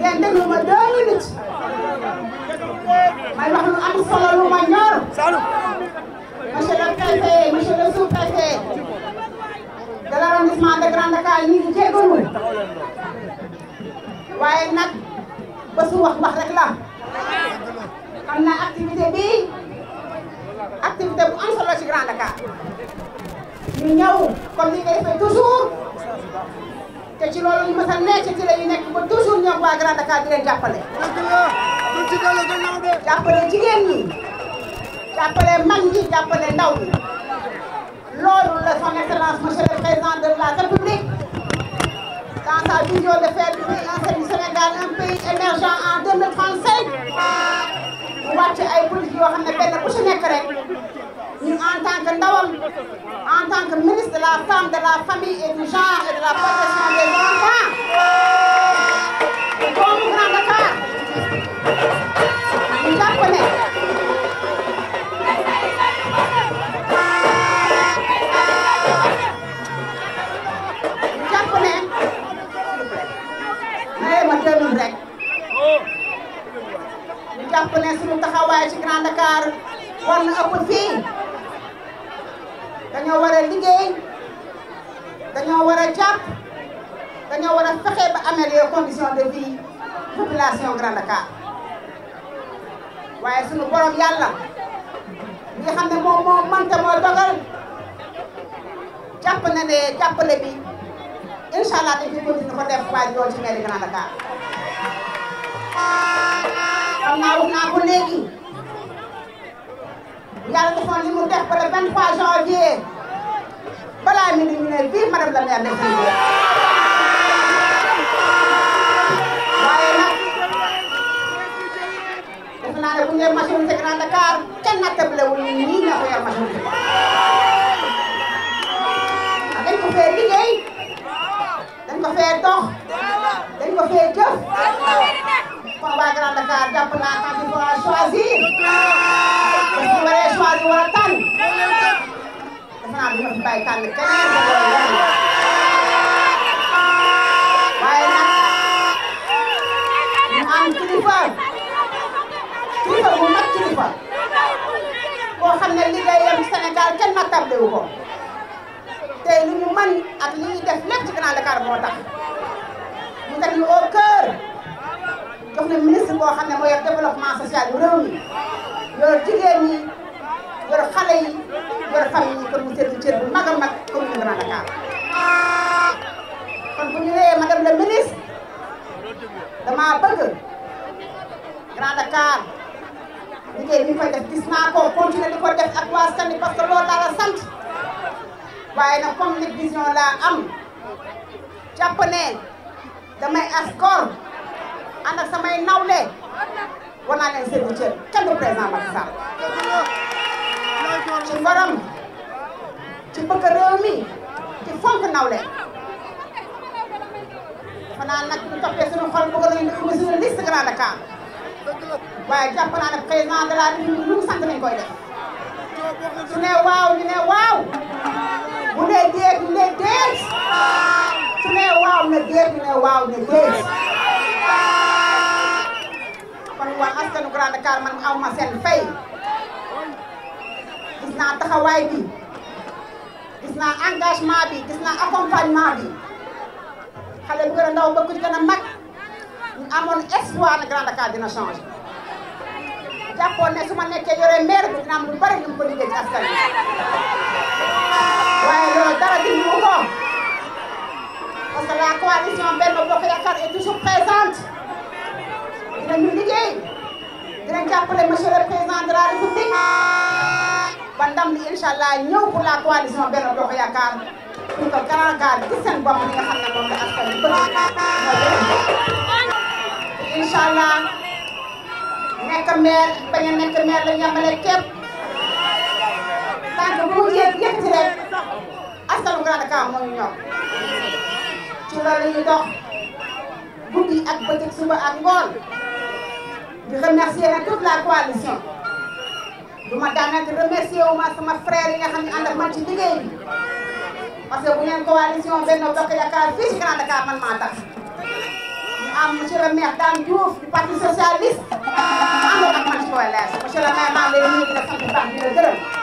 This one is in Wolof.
ngeen déglu ma deux minutes may wax lu am solo lu ma ñor monsieur le préfet monsieur le sous-préfet de l'arrondissement de Grand Dakar ñu ngi jégalu waaye nag ba su wax rek la xam naa activité bi activité bu am ci Grand Dakar ñu ñëw comme ni nga defee te ci loolu ñu mës a nekk ci nekk ba toujours ñoom waa Grand Dakar di leen jàppale. jàppale jigéen ñi ndaw loolu la son excellence monsieur président de la république dans sa vision de faire du pays Sénégal un émergent en 2035 mu wàcc ay politique yoo xam ne benn bu ci nekk rek en tant ndawam en tant ministre la femme de la famille et de la protection jàpp ne suñu taxawaay ci Grand Dakar war na ëpp fii dañoo war a liggéey dañoo war a jàpp dañoo war a fexe ba améliorer condition de vie population Grand waaye suñu borom yàlla li nga ne moom moo moo dogal jàpp na ne jàppale bi incha allah dañ ko continuer ko def waaye ñoo ci mairie Grand Dakar. wax naa ko léegi yàlla defoon li mu def ba le 23 janvier balaa mi di ñu ne vive madame la maire de Saint-Louis waaye nag defe naa ne bu ñu yor majorité Grand Dakar kenn nattable wu ñu nii ñoo ko yor majorité dañ ko fee liggéey dañ ko fee dox dañ ko fee jëf naa jàpp naa quand il faudra choisir parce que bu waree choisir war a tànn defe naa du ma fi bàyyi tànn keneen da koy waaye nag ñu am kilifa kilifa bu mag kilifa boo xam ne liggéeyam Sénégal kenn ma tardé wu ko tey lu ñu mën ak li ñuy def lépp ci Grand Dakar moo tax. boo ne moo yor développement social yu réew mi yor jigéen ñi yor xale yi yor famille yi kon mu seetlu cër bu mag a mag commune Grand Dakar kon bu ñu nee madame la ministre dama bëgg Grand Dakar liggéey bi ñu koy def naa ko continuer di ko def ak waa Sandi parce que loolu laa la sant waaye nag comme vision laa am jàpp ne damay as ànd ak samay nawle war naa leen seen cër kenn du président Macky Sall ci borom ci bëgg réew ci fonk nawle xanaa nag bu toppee suñu xol bëgg nañu di ubbi suñu liste Grand Dakar waaye jàpp naa ne président de la lu mu sant nañu koy def ne waaw ñu ne waaw bu ne déet ñu ne déet su ne waaw na déet ñu ne waaw ne déet askanu Grand Dakar man aw ma seen fay gis naa bi gis naa engagement bi gis naa accompagnement bi xale bu gën a ndaw ba ku gën a mag ñu amoon espoir na Grand Dakar dina changer jàppoon ne su ma nekke yore maire bi dina am lu bari lu mu ko liggéey ci askan bi waaye loolu dara di mu ko parce que la coalition Benno Bokk Yaakaar est toujours présente dinañu liggéey ngeen jàppale monsieur le président de la république ba ndam li incha allah ñëw pour la coalition Benno Bokk Yaakaar pour que Grand Dakar gis seen bopp li nga xam ne moom la askan wi bëgg incha allah nekk maire bañ a nekk maire la ñamale képp tant que bu mu yéeg yëkkati rek askanu Grand Dakar moo ñu ñor ci loolu la ñuy dox guddi ak bëccëg suba ak ngoon. di remercier nag toute la coalition du ma daan nag remercier wu ma sama frère yi nga xam ci liggéey bi parce que bu ngeen ci Grand Dakar man maa tax ñu am monsieur le maire Dame Diouf du parti socialiste àndoon ak man ci coalition monsieur le maire maa ngi lay nuyu di la sant bu baax di la gërëm